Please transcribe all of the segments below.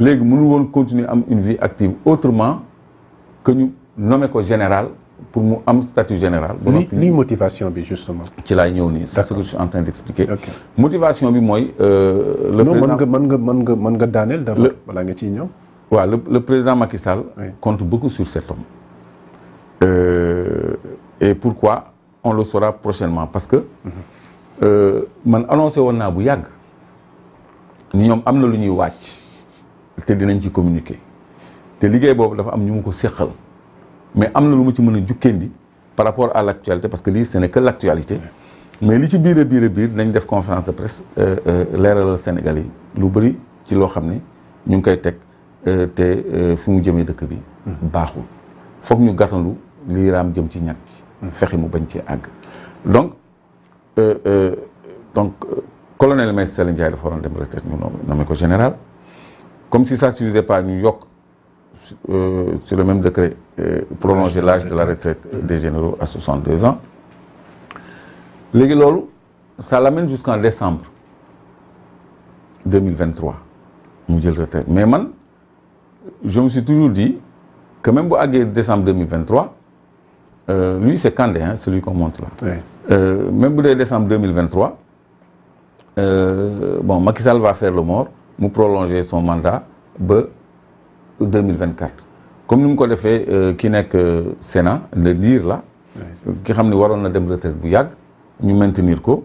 léegi mënu woon continuer am une vie active autrement que ñu nommer ko général pour mu am statut général. li li motivation bi justement. ci laay ñëw nii c'est ce que je suis en train d'expliquer. Okay. motivation bi mooy. Euh, le non, président non mën nga mën nga mën nga daaneel d'abord. balaa nga ciy ñëw. waaw le président Macky Sall. Oui. compte beaucoup sur cet homme. Euh, et on le saura prochainement parce que. Mhm. Euh, man annoncé woon naa bu yàgg. ni ñoom am na lu ñuy wàcc. te dinañ ci communiquer te liggéey boobu dafa am ñu mu ko séqal mais am na lu mu ci mën a jukkee jukkendi par rapport à l' parce que lii ce n' mais li ci biir a biir nañ def conférence de presse euh, euh, leeralal Sénégal yi lu bëri ci loo xam ne ñu ngi koy teg euh, te fi mu jëmee dëkk bi baaxul foog ñu gàttandu lii raam jëm ci ñàkk bi fexe mu bañ ci àgg donc donc colonel Maître Sélé Ndiaye dafa waroon dem retraite ñu nommé ko général comme si ça ne suffisait pas ñu yokk euh, sur le même décret euh, prolonger l'âge de la retraite des généraux à 62 ans léegi loolu ça l'amène jusqu'en décembre 2023 mu jël retraite mais man je me toujours di que même bu àggee décembre 2023 euh, lui c'est Kandé hein celui qu'on montre là oui. Euh, même bu dee décembre 2023 euh, bon Macky Sall va faire le mort mu prolonger son mandat ba 2024 comme ni mu ko defee euh, ki nekk euh, Sénat le liir la ki xam ni waroon na dem retraite bu yàgg ñu maintenir ko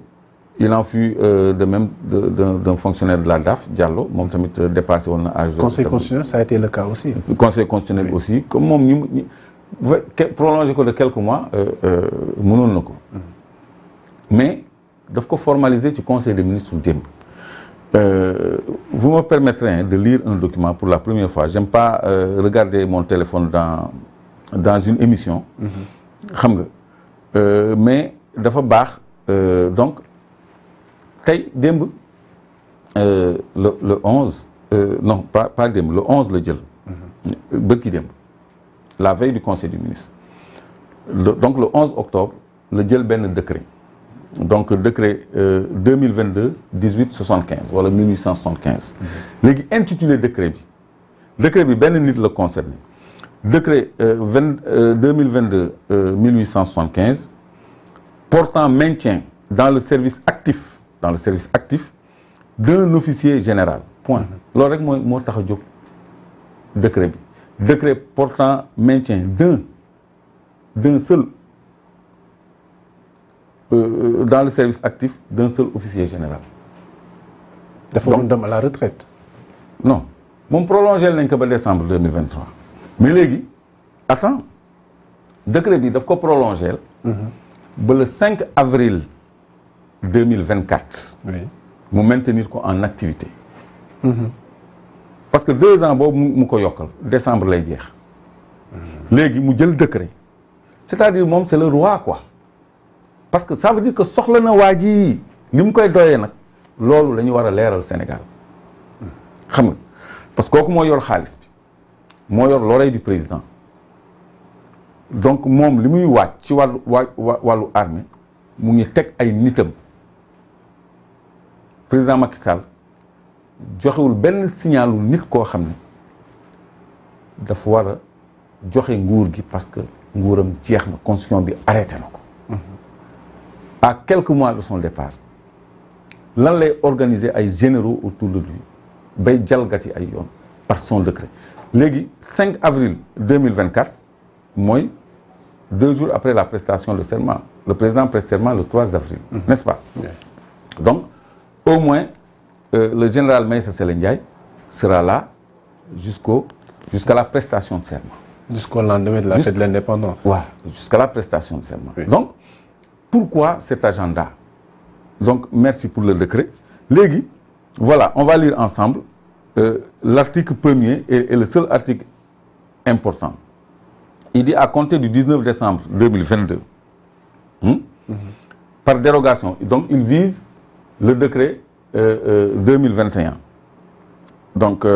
il en fut euh, de même de fonctionnaire de la DAF Diallo moom tamit dépassé woon na âge. conseil constitutionnel ça a été le cas aussi. conseil constitutionnel aussi comme moom ñu ñu va prolongé ko de quelques mois mënoon na ko. Mm. mais daf ko formaliser ci conseil ministre ministres démb. Euh, vous me permettrez de lire un document pour la première fois. J'aime pas euh, regarder mon téléphone dans, dans une émission. Mm-hmm. xam mm nga -hmm. euh, mais dafa baax euh, donc tey démb euh, le le onze euh, non pas pas démb le onze la jël. Mm-hmm. bërki démb la veille du conseil du ministre. Le, donc le onze octobre la jël benn décret. donc décret euh, 2022 1875 wala 1875. léegi intitulé décret bi décret bi benn nit la concerné décret euh, vingt euh, deux mille vingt deux euh, mille huit cent soixante quinze portant maintien dans le service actif dans le service actif d'un officier général point mm-hmm. loolu rek mooy moo tax a jóg décret bi décret portant maintien d'un seul Euh, euh, dans le service actif d'un seul officier général. dafa doon dem à la retraite. non moom prolongé nañ ko ba décembre 2023 mais léegi attends décret bi daf ko prolongé. Mhm. ba le 5 avril 2024. oui mu maintenir ko en activité. Mmh. parce que deux ans boobu mu ko yokkal décembre lay jeex. Mhm. léegi mu jël décret. c'est-à-dire moom c'est le roi quoi. parce que ça veut dire soxla na waa ji li mu koy doyee nag loolu la ñu war a leeral Sénégal xam nga parce que kooku moo yor xaalis bi moo yor l'oreille di président donc moom li muy waaj ci wàllu waa wàllu armée mu ngi teg ay nitam président Macky Sall joxewul benn signalu nit koo xam ne dafa war a joxe nguur gi parce que nguuram jeex na constitution bi arrêté na ko à quelques mois de son départ lan lay organiser ay généraux autour de lui bay jalgati ay yoon par son décret léegi 5 avril 2024 mooy deux jours après la prestation de serment le président le 3 avril mm -hmm. n'est-ce pas yeah. donc au moins euh, le général Meïssa Sélé Ndiaye sera là jusqu'au la prestation de serment jusqu'au lendemain la Jusqu fête de l'indépendance prestation de serment pourquoi cet agenda donc merci pour le décret léegi voilà on va lire ensemble euh, l'article premier est, est le seul article important il dit à compter du 19 décembre 2022 hmm? mm -hmm. par dérogation donc il vise le décret euh, euh, 2021 donc euh,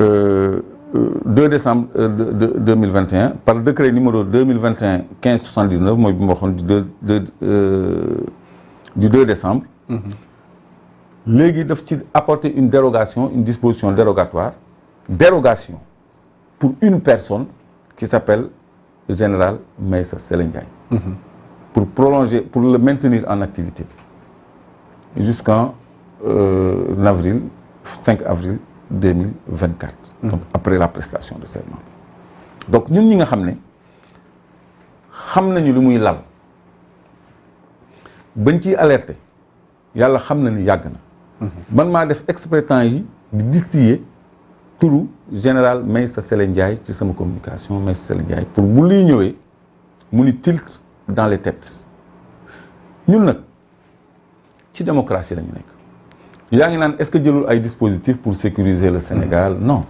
euh, 2 décembre euh, de 2021 par décret numéro 2021 1579 mooy bi ma waxoon du 2 euh, du 2 décembre. Mm-hmm. léegi daf ci apporter une dérogation une disposition dérogatoire dérogation pour une personne qui s'appelle général mais Sélé Ndiaye. Mm pour prolonger pour le maintenir en activité jusqu'en euh, avril avril 2024 donc après la prestation de serment donc ñun ñi nga xam ne xam nañu lu muy lal bañ ci alerte yàlla xam na ni yàgg na man maa def exprès temps yi di distiller turu général Meïssa Sélé Ndiaye ci sama communication Meïssa Sélé Ndiaye pour bu luy ñëwee mu ni tilt dans les têtes ñun nag ci démocratie la ñu nekk yaa ngi naan est-ce que jëlul ay dispositifs pour sécuriser le Sénégal mm-hmm. non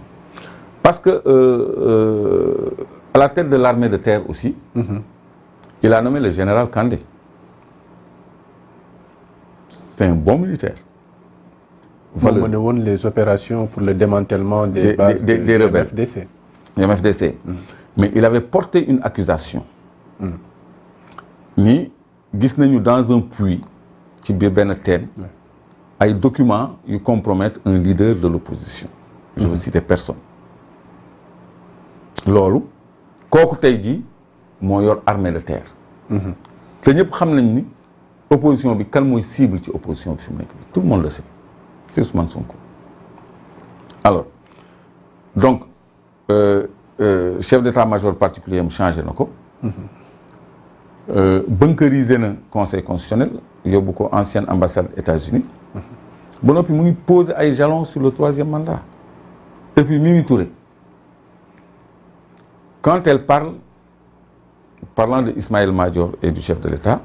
parce que euh, euh, à la tête de l'armée de terre aussi mmh. il a nommé le général Kandé c'est un bon militaire valeur moo woon les opérations pour le démantèlement des, des bases des, des, de rebelles MFDC. MFDC. Mm-hmm. mais il avait porté une accusation mm-hmm. ni gis nañu dans un puits ci biir benn teen ay documents yu compromettre un leader de l'opposition je veux mhm. citer personne loolu kooku tey jii moo yor armée de terre mhm. te ñëpp xam nañ ni opposition bi kan mooy cible ci opposition bi fi mu nekk bi tout le monde le sait c'est Ousmane Sonko alors donc euh, euh, chef d'état-major particulier am changé na ko mhm. euh, bunkeriser na conseil constitutionnel yóbbu ko ancienne ambassade États-Unis ba noppi mu ngi poser ay jalons sur le troisième mandat et puis Mimi Touré quand elle parle parlant de Ismaël Madior et du chef de l'État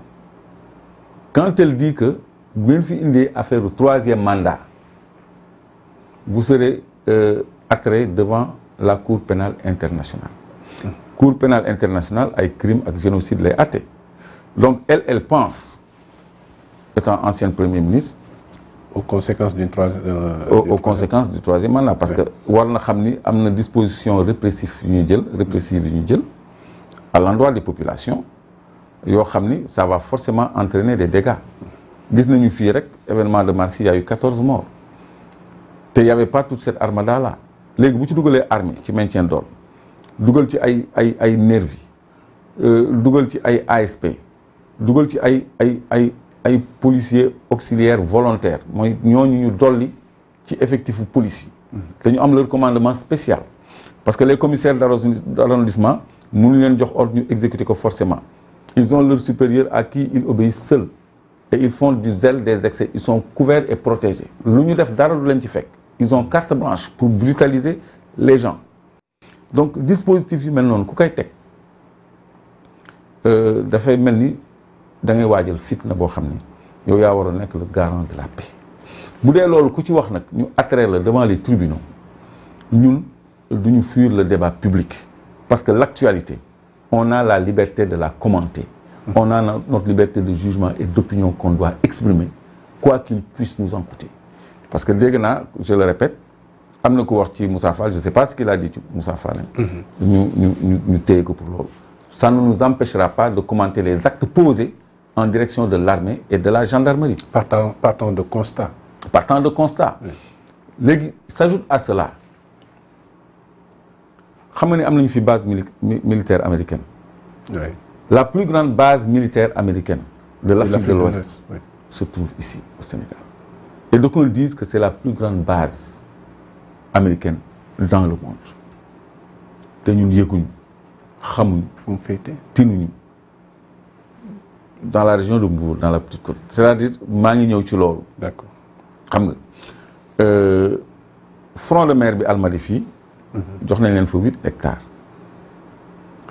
quand elle dit que bu ngeen fi indee affaire au troisième mandat vous serez euh, attiré devant la cour pénale internationale mmh. cour pénale internationale ay crime ak génocide les atte donc elle elle pense étant ancienne premier ministre aux conséquences d'une troisième euh, aux conséquences du troisième mandat parce que war na xam ni am na disposition répressive yu ñu jël répressive yu ñu jël à l'endroit des population yoo xam ni saa va forcément entraîner des dégâts gis nañu fii rek événement le mars il y a quatorze morts te y avait pas toute cette armada là léegi bu ci dugalee armée ci maintien d'ordre dugal ci ay ay ay nervi euh, dugal ci ay ASP dugal ci ay ay ay ay policier auxiliaires volontaires mooy ñooñu ñu dolli ci effectifu police yi dañu am leur commandement spécial parce que les commissaires d'arrondissement mënuñu leen jox ordre ñu exécuter ko forcément ils ont leur supérieur à qui ils obéissent seuls et ils font du zèle des excès ils sont couverts et protégés lu ñu def dara du leen ci fekk ils ont carte blanche pour brutaliser les gens donc dispositif yi mel noonu ku koy teg euh, dafay mel ni da ngay waajal na boo xam ni yow yaa waroon nekk le garant de la paix bu dee loolu ku ci wax nag ñu attraire la devant les tribunaux ñun du ñu fuir le débat public parce que l'actualité on a la liberté de la commenter on a notre liberté de jugement et d'opinion qu'on doit exprimer quoi qu'il puisse nous en coûter parce que dégg naa je le répète am na ko wax ci Moussa Fall je sais pas ce qu'il a dit ci Moussa mm-hmm. ñu téye ko pour loolu sa ne nous empêchera pas de commenter les en direction de l'armée et de la gendarmerie. Partant, partant de constat. Partant de constat. Oui. s'ajoute à cela xam nga ne am nañu fi base mili militaire américaine. Oui. la plus grande base militaire américaine. de l'Afrique de l'Ouest oui. se trouve ici au Sénégal. et donc on dit que c'est la plus grande base américaine dans le monde te ñun yëguñu xamuñu fu mu féete tinuñu. dans la région de Mbour dans la petite côte c'est-à-dire maa ngi ñëw ci loolu. xam nga euh, front de mer bi Almadi fii. Mhm. jox nañ leen fa huit hectares.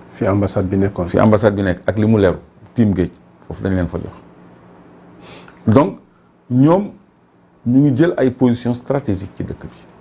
fi ambassade bi nekkoon. fi ambassade bi nekk ak li mu leeru tiim géej foofu dañ leen fa jox donc ñoom ñu ngi jël ay positions stratégiques ci dëkk bi.